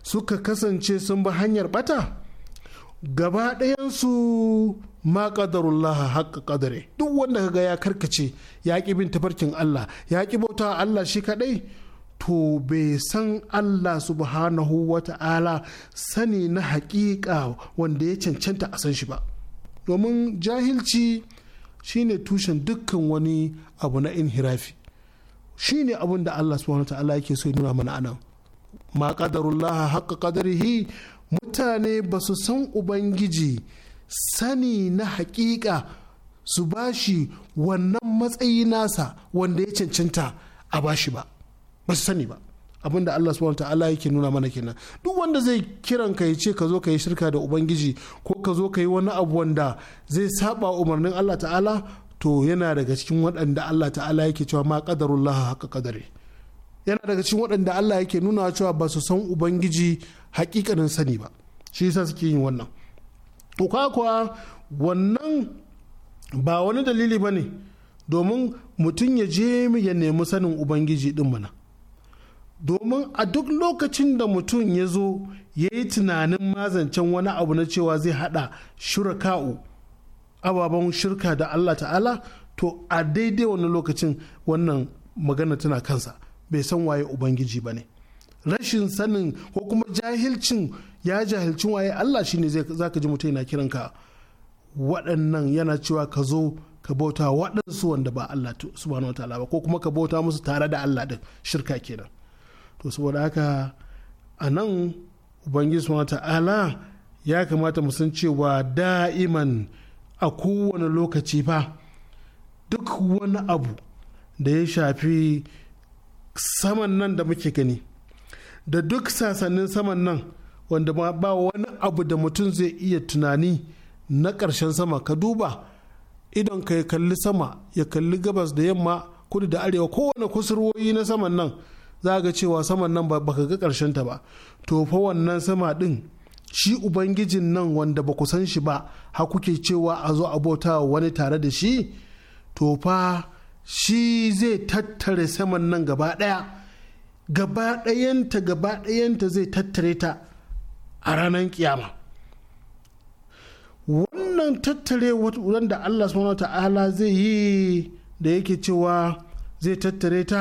suka kasance sun bi hanyar ɓata gaba ɗayansu ma ƙadarullah haƙƙa ƙadare duk wanda kaga ya karkace ya ƙi bin tafarkin Allah ya ƙi bauta Allah shi kaɗai to bai san Allah subhanahu wa ta'ala sani na haƙiƙa wanda ya cancanta a san shi ba domin jahilci shine tushen dukkan wani abu na inhirafi shi ne abin da Allah subhanahu ta'ala yake so nuna mana anan ma qadarullah haqqa qadarihi mutane ba su san ubangiji sani na haƙiƙa su bashi wannan matsayi nasa wanda ya cancanta a bashi ba ba su sani ba Abin da Allah subhanahu ta'ala yake nuna mana kenan duk wanda zai kiran ka ya ce ka zo ka yi shirka da ubangiji ko ka zo ka yi wani abu wanda zai saba umarnin Allah ta'ala to yana daga cikin waɗanda Allah ta'ala yake cewa ma qadarullah haka ƙadare yana daga cikin waɗanda Allah yake nuna cewa ba su san ubangiji hakikanin sani ba shi yasa suke yin wannan to kuwa wannan ba wani dalili ba ne domin mutum ya je ya nemi sanin ubangiji din mana domin a duk lokacin da mutum ya zo ya yi tunanin mazancen wani abu na cewa zai haɗa shuraka'u ababen shirka da Allah ta'ala to a daidai wani lokacin wannan magana tana kansa bai san waye ubangiji ba ne rashin sanin ko kuma jahilcin ya jahilcin waye Allah shine za ka ji mutum yana ka waɗannan yana cewa ka zo ka bauta waɗansu wanda ba Allah subhanahu wa ta'ala ba ko kuma ka bauta musu tare da Allah din shirka kenan to saboda haka a nan ubangiji subhanahu wa ta'ala ya kamata mu san cewa da'iman a kowane lokaci fa duk wani abu da ya shafi saman nan da muke gani da duk sasannin saman nan wanda ba wani abu da mutum zai iya tunani na ƙarshen sama ka duba idan ka kalli sama ya kalli gabas da yamma kudu da arewa kowane kusurwoyi na saman nan za ga cewa saman nan ba ka ga ƙarshen ta ba to fa wannan sama din. shi ubangijin nan wanda ba ku san shi ba har kuke cewa a zo a wani tare da shi to fa shi zai tattare saman nan gaba ɗaya gaba ɗayanta gaba ɗayanta zai tattare ta a ranar kiyama wannan tattare wanda allah subhanahu ta'ala zai yi da yake cewa zai tattare ta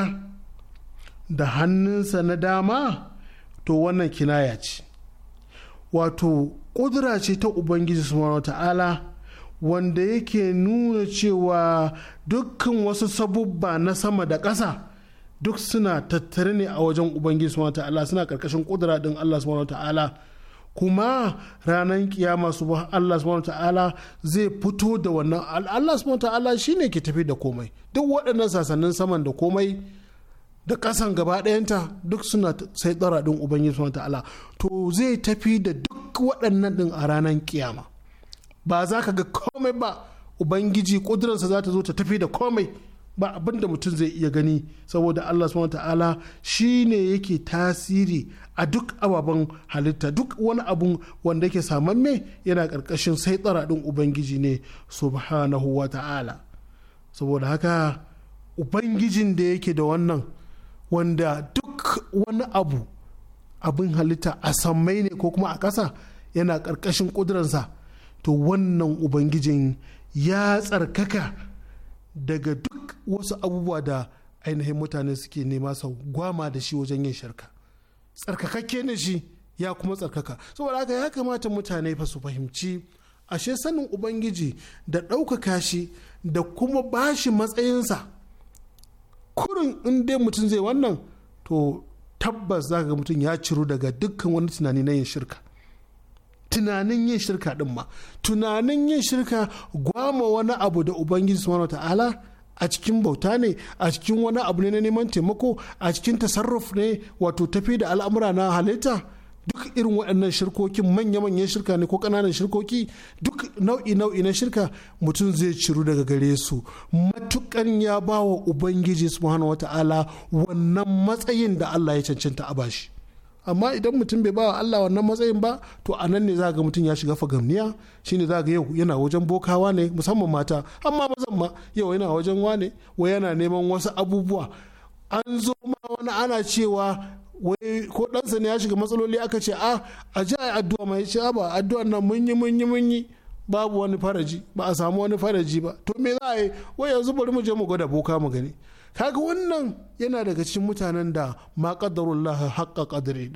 da hannunsa na dama to wannan kinaya ce wato ƙudura ce ta ubangiji subhanahu ta'ala wanda yake nuna cewa dukkan wasu sabubba na sama da ƙasa duk suna tattare ne a wajen ubangiji subhanahu ta'ala suna ƙarƙashin ƙudura din allah subhanahu ta'ala kuma ranar kiyama subhanahu allah subhanahu ta'ala zai fito da wannan allah subhanahu ta'ala shine ke tafi da komai duk waɗannan sasannin saman da komai da ƙasan gaba ɗayanta duk suna sai tsara ɗin ubangiji wa ta'ala to zai tafi da duk waɗannan ɗin a ranar kiyama ba za ka ga komai ba ubangiji ƙudurarsa za ta zo ta tafi da komai ba abinda mutum zai iya gani saboda Allah subhanahu ta'ala shi ne yake tasiri a duk ababen halitta duk wani abun wanda yake me yana ƙarƙashin sai ɗin ubangiji ne subhanahu wa ta'ala saboda haka ubangijin da yake da wannan wanda duk wani abu abin halitta a sammai ne ko kuma a ƙasa yana ƙarƙashin ƙudurarsa to wannan ubangijin ya tsarkaka daga duk wasu abubuwa da ainihin mutane suke nema sau gwama da shi wajen yin shirka tsarkakakke ne shi ya kuma tsarkaka saboda haka ya kamata mutane fa su fahimci ashe sanin ubangiji da ɗaukaka shi da kuma bashi matsayinsa kurin in dai mutum zai wannan to tabbas za ga mutum ya ciro daga dukkan wani tunani na yin shirka tunanin yin shirka din ma tunanin yin shirka gwama wani abu da ubangiji subhanahu ta'ala a cikin bauta ne a cikin wani abu ne na neman taimako a cikin tasarruf ne wato tafi da al'amura na halitta duk irin waɗannan shirkokin manya-manyan shirka ne ko ƙananan shirkoki duk nau'i-nau'i na shirka mutum zai ciru daga gare su matukan ya ba wa ubangiji subhanahu wata'ala wannan matsayin da allah ya cancanta a bashi amma idan mutum bai bawa Allah wannan matsayin ba to a nan ne za ga mutum ya shiga fagamniya shine za ga yau yana wajen bokawa ne musamman mata amma mazan ma yau yana wajen wane wa yana neman wasu abubuwa an zo ma wani ana cewa wai ko ɗansa ne ya shiga matsaloli aka ce a ah, a ji a addu'a mai ce ah, ba addu'a nan mun yi mun yi mun yi babu wani faraji ba a samu wani faraji ba to me za a yi wai yanzu bari mu je mu gwada boka mu gani kaga wannan yana daga cikin mutanen da ma qaddarullah haqqa qadri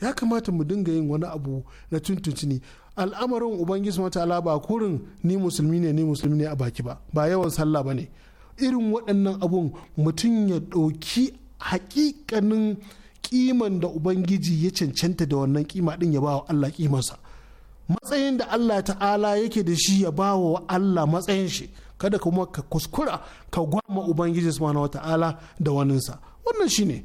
ya kamata mu dinga yin wani abu na tuntuntuni al'amarin ubangiji ta'ala ba kurin ni musulmi ne ni musulmi ne a baki ba ba yawan sallah bane irin waɗannan abun mutum ya ɗauki hakikanin kiman da ubangiji ya cancanta da wannan kima din ya ba wa Allah kimansa matsayin da Allah ta'ala yake da shi ya ba wa Allah matsayin shi kada kuma ka kuskura ka gwama ubangiji subhanahu wata'ala da waninsa wannan shine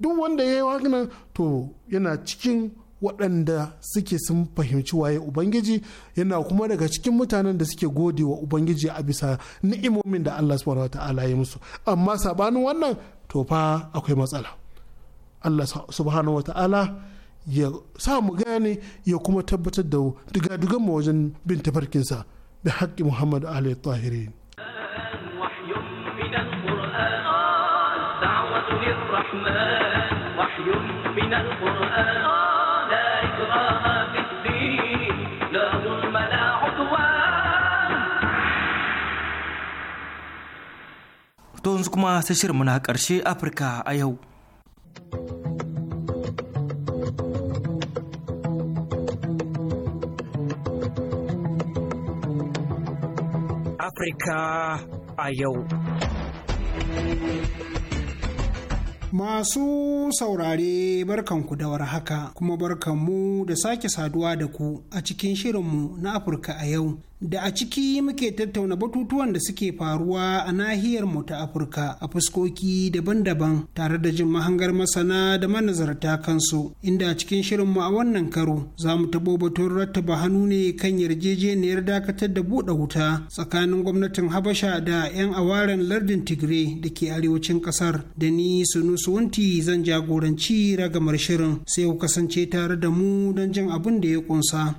duk wanda ya yi wannan to yana cikin waɗanda suke sun fahimci waye ubangiji yana kuma daga cikin mutanen da suke gode wa ubangiji a bisa ni'imomin da allah subhanahu ta'ala ya musu amma sabanin wannan to fa akwai matsala allah subhanahu ta'ala ya sa mu gane ya kuma tabbatar da dugadugan mu wajen bin tafarkinsa bi haƙƙi muhammad alayhi tahiri to yanzu kuma sai shirin na ƙarshe afirka a yau Afirka a yau. Masu saurare barkanku da warhaka kuma barkanmu da sake saduwa da ku a cikin shirinmu na Afirka a yau. da a ciki muke tattauna batutuwan da suke faruwa a nahiyar mu ta Afirka a fuskoki daban-daban tare da jin mahangar masana da manazarta kansu inda a cikin shirinmu a wannan karo za mu tabo batun rattaba hannu ne kan yarjejeniyar dakatar da buɗe wuta tsakanin gwamnatin Habasha da 'yan awaren lardin Tigray da ke arewacin ƙasar da ni Sunusu wanti zan jagoranci ragamar shirin sai ku kasance tare da mu don jin abin da ya ƙunsa.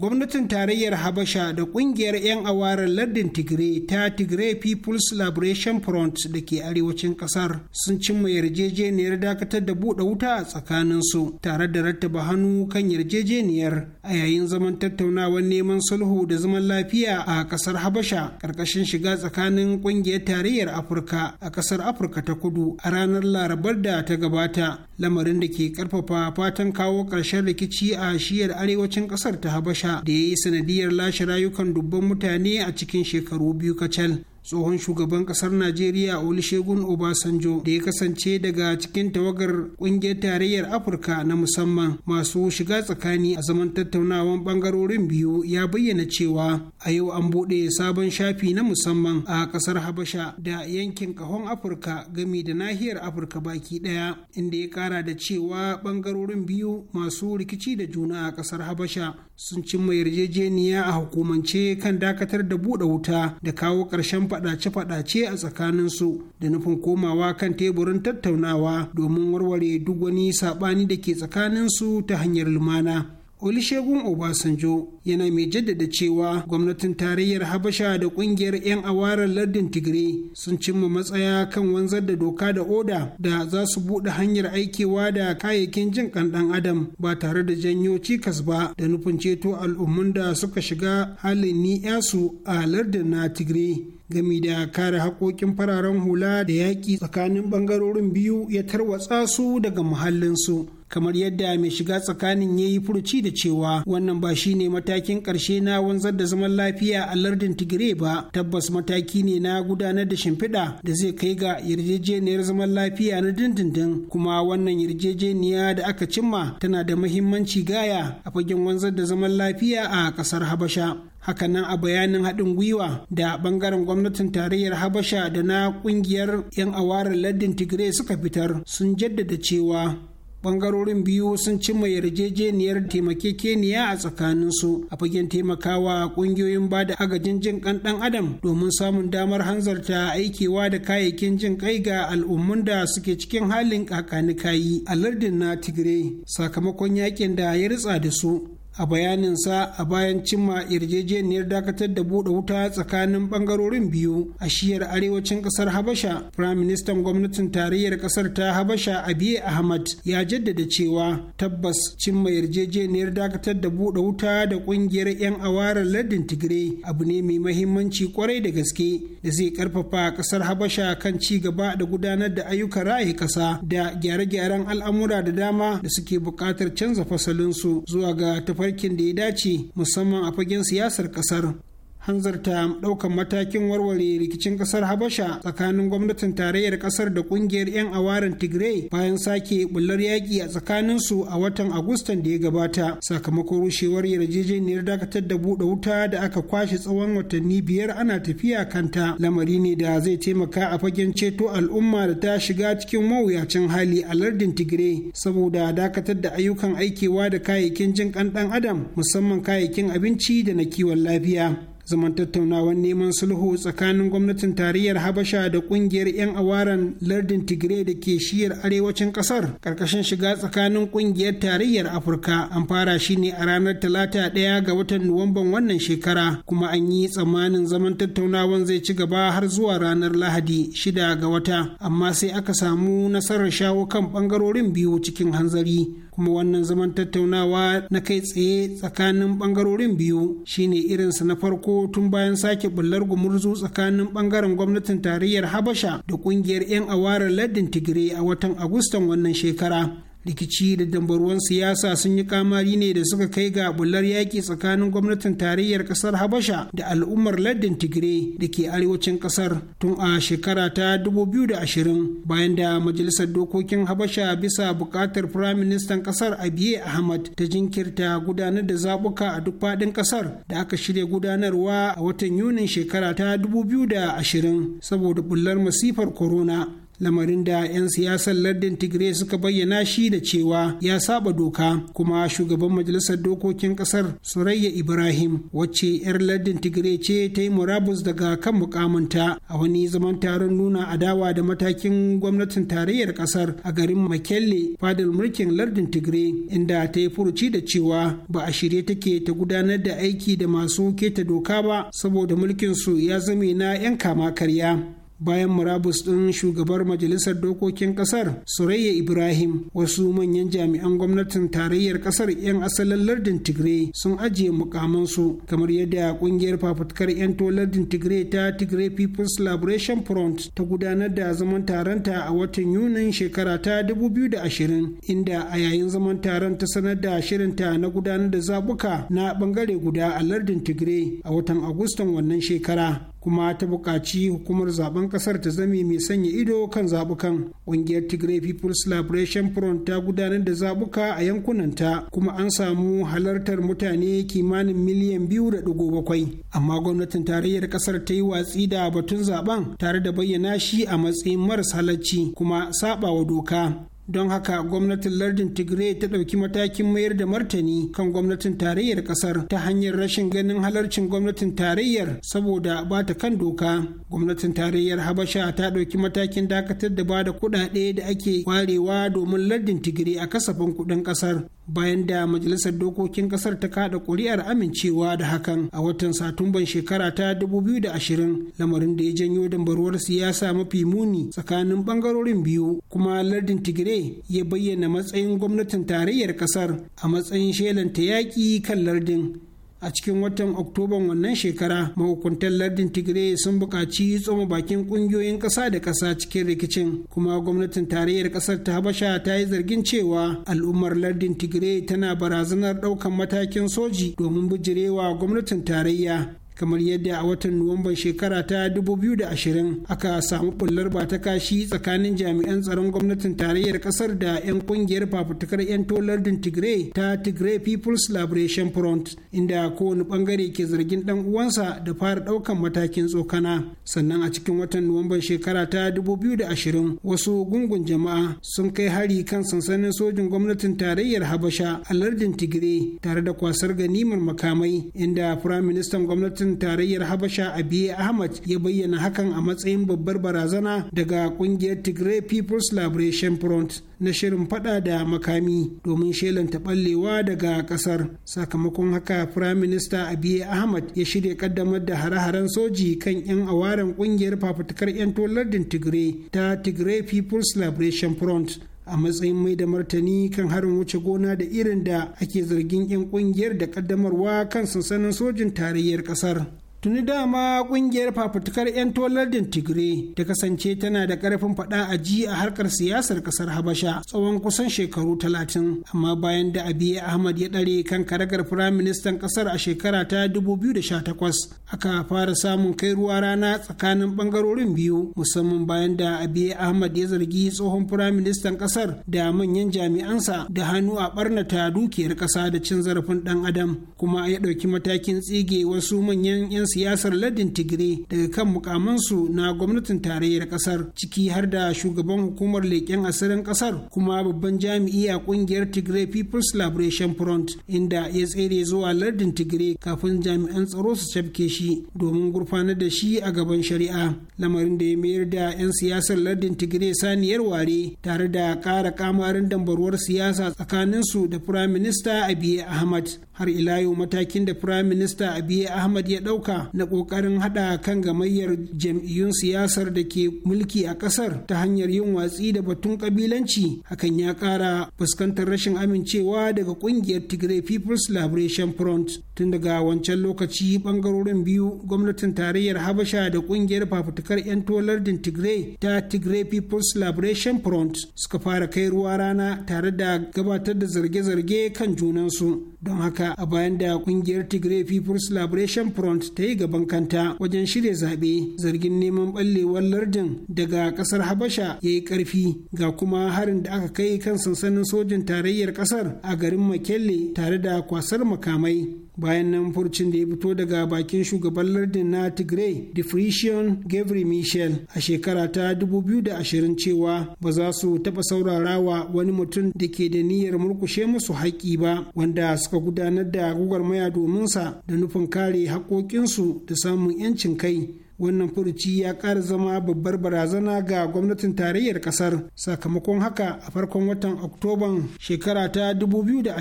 gwamnatin tarayyar habasha da kungiyar 'yan awarar lardin tigre ta tigre people's liberation front da ke arewacin kasar sun cimma yarjejeniyar dakatar da buɗe wuta a tsakanin su tare da rattaba hannu kan yarjejeniyar a yayin zaman tattaunawar neman sulhu da zaman lafiya a kasar habasha ƙarƙashin shiga tsakanin kungiyar tarayyar afirka a kasar afirka ta kudu a ranar larabar da ta gabata lamarin da ke ƙarfafa fatan kawo ƙarshen rikici a shiyar arewacin ƙasar ta habasha ta da ya yi sanadiyar lashe rayukan dubban mutane a cikin shekaru biyu kacal tsohon shugaban kasar najeriya olusegun obasanjo da ya kasance daga cikin tawagar kungiyar tarayyar afirka na musamman masu shiga tsakani a zaman tattaunawan bangarorin biyu ya bayyana cewa a yau an buɗe sabon shafi na musamman a kasar habasha da yankin kahon afirka gami da nahiyar afirka baki daya inda ya kara da cewa bangarorin biyu masu rikici da juna a kasar habasha sun cimma yarjejeniya a hukumance kan dakatar da buɗe wuta da kawo ƙarshen faɗace-faɗace a tsakaninsu da nufin komawa kan teburin tattaunawa domin warware duk wani saɓani da ke tsakaninsu ta hanyar lumana. Olusegun Obasanjo yana mai jaddada cewa gwamnatin tarayyar Habasha da kungiyar 'yan awarar lardin Tigray sun cimma matsaya kan wanzar da doka da oda da za su buɗe hanyar aikewa da kayayyakin jin ƙanɗan ɗan adam ba tare da janyo cikas ba da nufin ceto al'ummun da suka shiga halin ni'yasu a lardin na Tigray. gami da kare haƙoƙin fararen hula da yaƙi tsakanin ɓangarorin biyu ya tarwatsa su daga muhallinsu. kamar yadda mai shiga tsakanin ya yi furuci da cewa wannan ba shi ne matakin ƙarshe na wanzar da zaman lafiya a lardin tigire ba tabbas mataki ne na gudanar da shimfiɗa da zai kai ga yarjejeniyar zaman lafiya na dindindin kuma wannan yarjejeniya da aka cimma tana da mahimmanci gaya a fagen wanzar da zaman lafiya a ƙasar habasha hakanan a bayanin haɗin gwiwa da ɓangaren gwamnatin tarayyar habasha da na ƙungiyar 'yan awarar lardin tigray suka fitar sun jaddada cewa bangarorin biyu sun cimma yarjejeniyar taimakekeniya a tsakaninsu a fagen taimakawa kungiyoyin ba da agajin jin kan dan adam domin samun damar hanzarta aikewa da kayayyakin jin kai ga al'ummun da suke cikin halin kakanikayi a lardin na tigray sakamakon yakin da ya ritsa da su a bayaninsa a bayan cimma yarjejeniyar dakatar da buɗe wuta tsakanin ɓangarorin biyu a shiyar arewacin ƙasar habasha firaministan gwamnatin tarayyar ƙasar ta habasha abiye ahmad ya jaddada cewa tabbas cimma yarjejeniyar dakatar da buɗe wuta da ƙungiyar 'yan awarar lardin tigray abu ne mai mahimmanci kwarai da gaske da zai ƙarfafa ƙasar habasha kan ci gaba da gudanar da ayyukan raye ƙasa da gyare-gyaren al'amura da dama da suke buƙatar canza fasalinsu zuwa ga tafar tafarkin da ya dace musamman a fagen siyasar kasar hanzarta ɗaukar matakin warware rikicin ƙasar habasha tsakanin gwamnatin tarayyar ƙasar da ƙungiyar 'yan awarin tigray bayan sake bullar yaƙi a tsakaninsu a watan agustan da ya gabata sakamakon rushewar yarjejeniyar dakatar da buɗe wuta da aka kwashe tsawon watanni biyar ana tafiya kanta lamari ne da zai taimaka a fagen ceto al'umma da ta shiga cikin mawuyacin hali a lardin tigray saboda dakatar da ayyukan aikewa da kayayyakin jin ɗan adam musamman kayayyakin abinci da na kiwon lafiya zaman tattaunawar neman sulhu tsakanin gwamnatin tarayyar habasha da kungiyar 'yan awaran lardin tigray da ke shiyar arewacin kasar karkashin shiga tsakanin kungiyar tarayyar afirka an fara shi ne a ranar talata daya ga watan nuwamban wannan shekara kuma an yi tsammanin zaman tattaunawan zai ci gaba har zuwa ranar lahadi shida ga wata amma sai aka samu nasarar shawo kan bangarorin biyu cikin hanzari kuma wannan zaman tattaunawa na kai tsaye tsakanin bangarorin biyu shine irinsa na farko tun bayan sake bullar gumurzu tsakanin bangaren gwamnatin tarayyar habasha da kungiyar 'yan awarar ladin tigray a watan agustan wannan shekara rikici da dambarwan siyasa sun yi kamari ne da suka kai ga bular yaƙi tsakanin gwamnatin tarayyar ƙasar habasha da al'ummar Ladin tigre da ke arewacin ƙasar tun a shekara ta 2020 bayan da majalisar dokokin habasha bisa buƙatar firaministan ƙasar abiye ahmad ta jinkirta gudanar da zaɓuka a duk faɗin ƙasar da aka shirya gudanarwa a watan yunin shekara ta 2020 saboda bular masifar corona lamarin da 'yan siyasar lardin tigray suka bayyana shi da cewa ya saba doka kuma shugaban majalisar dokokin kasar surayya ibrahim wacce 'yar lardin tigray ce ta yi murabus daga kan mukamanta a wani zaman taron nuna adawa da matakin gwamnatin tarayyar kasar a garin makelle fadar mulkin lardin tigray inda ta yi furuci da cewa ba a shirye take ta gudanar da aiki da masu keta doka ba saboda mulkin su ya zame na 'yan kama karya bayan murabus ɗin shugabar majalisar dokokin ƙasar surayya ibrahim wasu manyan jami'an gwamnatin tarayyar ƙasar 'yan asalin lardin tigray sun ajiye mukamansu kamar yadda ƙungiyar fafutukar 'yan to lardin tigray ta tigray people's liberation front ta gudanar da zaman taronta a watan yunin shekara ta 2020 inda a yayin zaman taron ta sanar da shirinta na gudanar da zabuka na bangare guda a lardin tigray a watan agustan wannan shekara kuma ta buƙaci hukumar zaben ƙasar ta zame mai sanya ido kan zaɓukan, ƙungiyar tigray people's liberation front ta gudanar da zabuka a yankunanta kuma an samu halartar mutane kimanin miliyan biyu da ɗigo bakwai amma gwamnatin tarayyar ƙasar ta yi watsi da batun zaben tare da bayyana shi a matsayin maras halarci kuma saɓawa doka don haka gwamnatin lardin tigray ta ɗauki matakin mayar da martani kan gwamnatin tarayyar ƙasar ta hanyar rashin ganin halarcin gwamnatin tarayyar saboda ba ta kan doka gwamnatin tarayyar habasha ta ɗauki matakin dakatar da ba da kuɗaɗe da ake warewa domin lardin tigray a kasafin kuɗin ƙasar bayan da majalisar dokokin kasar ta kada kuri'ar amincewa da hakan a watan satumban shekara ta 2020 lamarin da ya janyo dambarwar siyasa mafi muni tsakanin bangarorin biyu kuma lardin tigre ya bayyana matsayin gwamnatin tarayyar kasar a matsayin shelanta yaƙi kan lardin a cikin watan oktoban wannan shekara mahukuntan lardin tigray sun buƙaci tsoma bakin ƙungiyoyin ƙasa da ƙasa cikin rikicin kuma gwamnatin tarayyar ƙasar ta habasha ta yi zargin cewa al'ummar lardin tigray tana barazanar ɗaukan matakin soji domin bijirewa gwamnatin tarayya kamar yadda a watan nuwamban shekara ta 2020 aka samu bullar ba ta kashi tsakanin jami'an tsaron gwamnatin tarayyar kasar da 'yan kungiyar fafutukar 'yan tolardin tigray ta tigray people's liberation front inda kowane bangare ke zargin dan uwansa da fara daukan matakin tsokana sannan a cikin watan nuwamban shekara ta 2020 wasu gungun jama'a sun kai hari kan sansanin sojin gwamnatin tarayyar habasha a lardin tigray tare da kwasar ganimar makamai inda firaministan gwamnatin gwamnatin tarayyar habasha abiy ahmad ya bayyana hakan a matsayin babbar barazana daga kungiyar tigray people's liberation front na shirin fada da makami domin shelanta ballewa daga kasar sakamakon haka prime minister abiy ahmad ya shirya kaddamar da hare-haren soji kan 'yan awaren kungiyar fafutukar 'yan tolardin tigray ta tigray people's liberation front a matsayin mai da martani kan harin wuce gona da irin da ake zargin 'yan kungiyar da kaddamarwa kan sansanin sojin tarayyar kasar tuni dama kungiyar fafutukar 'yan tolardin tigre ta kasance tana da karfin fada a ji a harkar siyasar kasar habasha tsawon kusan shekaru talatin amma bayan da abi ahmad ya dare kan karagar Firaministan kasar a shekara ta 2018 aka fara samun kai ruwa rana tsakanin bangarorin biyu musamman bayan da abi ahmad ya zargi tsohon Firaministan ƙasar kasar da manyan jami'ansa da hannu a barnata dukiyar kasa da cin zarafin dan adam kuma ya ɗauki matakin tsige wasu manyan 'yan siyasar ladin tigray daga kan mukamansu na gwamnatin tarayyar kasar ciki har da shugaban hukumar leƙen asirin kasar kuma babban jami'i a kungiyar tigray people's liberation front inda ya tsere zuwa lardin tigray kafin jami'an tsaro su cafke shi domin gurfanar da shi a gaban shari'a lamarin da ya mayar da 'yan siyasar lardin tigray saniyar ware tare da kara kamarin dambarwar siyasa tsakanin su da firaminista abiy ahmad har ila yau matakin da firaminista abiy ahmad ya ɗauka na ƙoƙarin haɗa kan gamayyar jam'iyyun siyasar da ke mulki a ƙasar ta hanyar yin watsi da batun ƙabilanci hakan ya ƙara fuskantar rashin amincewa daga ƙungiyar Tigray People's Liberation Front tun daga wancan lokaci bangarorin biyu gwamnatin tarayyar Habasha da ƙungiyar fafutukar 'yan tolardin Tigray ta Tigray People's Liberation Front suka fara kai ruwa rana tare da gabatar da zarge-zarge kan junansu don haka a bayan da ƙungiyar Tigray People's Liberation Front ta yi gaban kanta wajen shirya zaɓe zargin neman ɓallewar lardin daga ƙasar habasha ya yi ƙarfi ga kuma harin da aka kai kan sansanin sojin tarayyar ƙasar a garin makelle tare da kwasar makamai bayan nan furcin da ya fito daga bakin shugaban lardin na tigray defricion gabriel michel a shekara ta 2020 cewa ba za su taɓa wa wani mutum da ke da niyyar murkushe musu haƙƙi ba wanda suka gudanar da maya domin sa da nufin kare haƙoƙinsu da samun 'yancin kai wannan furuci ya ƙara zama babbar barazana ga gwamnatin tarayyar ƙasar sakamakon haka a farkon watan oktoban shekara ta 2020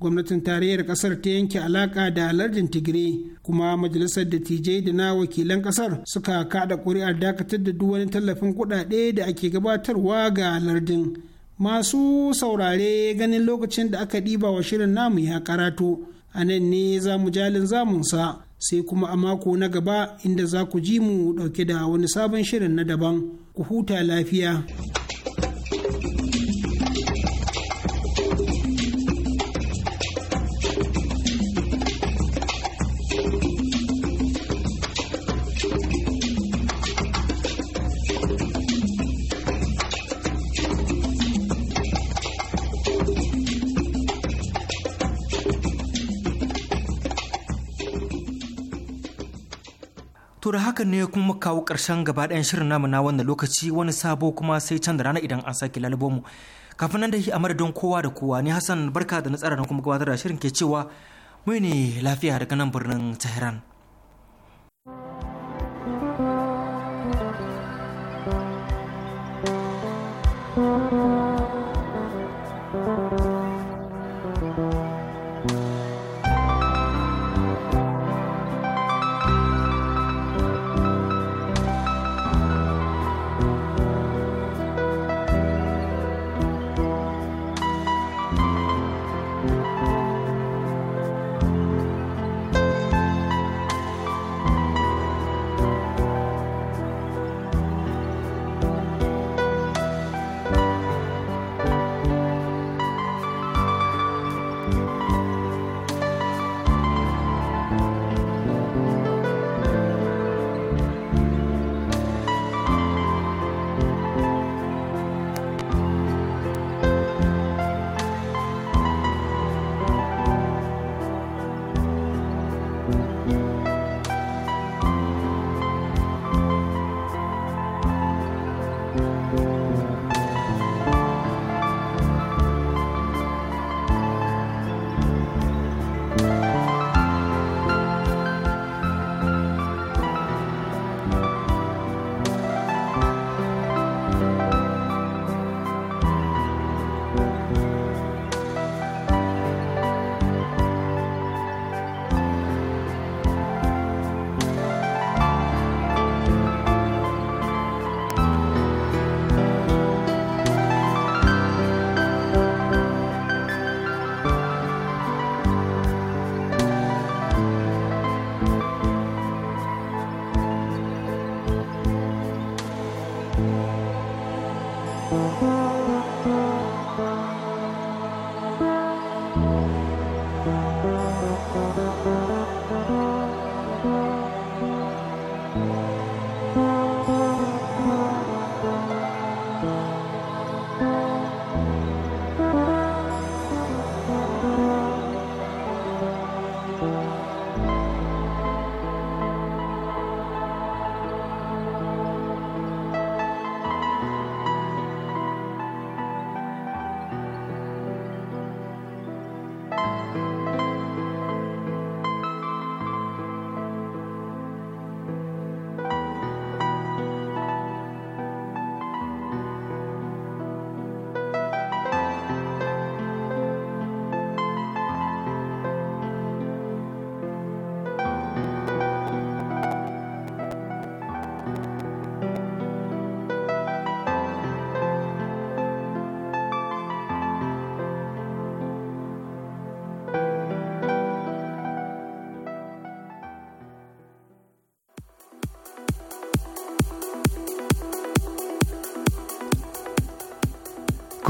gwamnatin tarayyar kasar ta yanke alaka da lardin tigray kuma majalisar dattijai da na wakilan kasar suka kada kuri'ar dakatar da duk wani tallafin kuɗaɗe da ake gabatarwa ga lardin masu saurare ganin lokacin da aka ɗiba wa shirin namu ya karatu a nan ne za mu jalin zamunsa sai kuma a mako na gaba inda za ku ji mu ɗauke da wani sabon shirin na daban ku huta lafiya. hakan ne kuma kawo ƙarshen gaba ɗayan shirin namu na wannan lokaci wani sabo kuma sai can da rana idan an sake lalubomu, mu. Kafin nan da shi a madadin kowa da kowa ni Hassan barka da na tsara na kuma gabatar da shirin ke cewa mu ne lafiya daga nan birnin Tehran.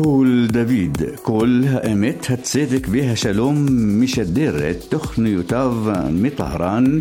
קול דוד, קול האמת, הצדק והשלום משדר את תוכניותיו מטהרן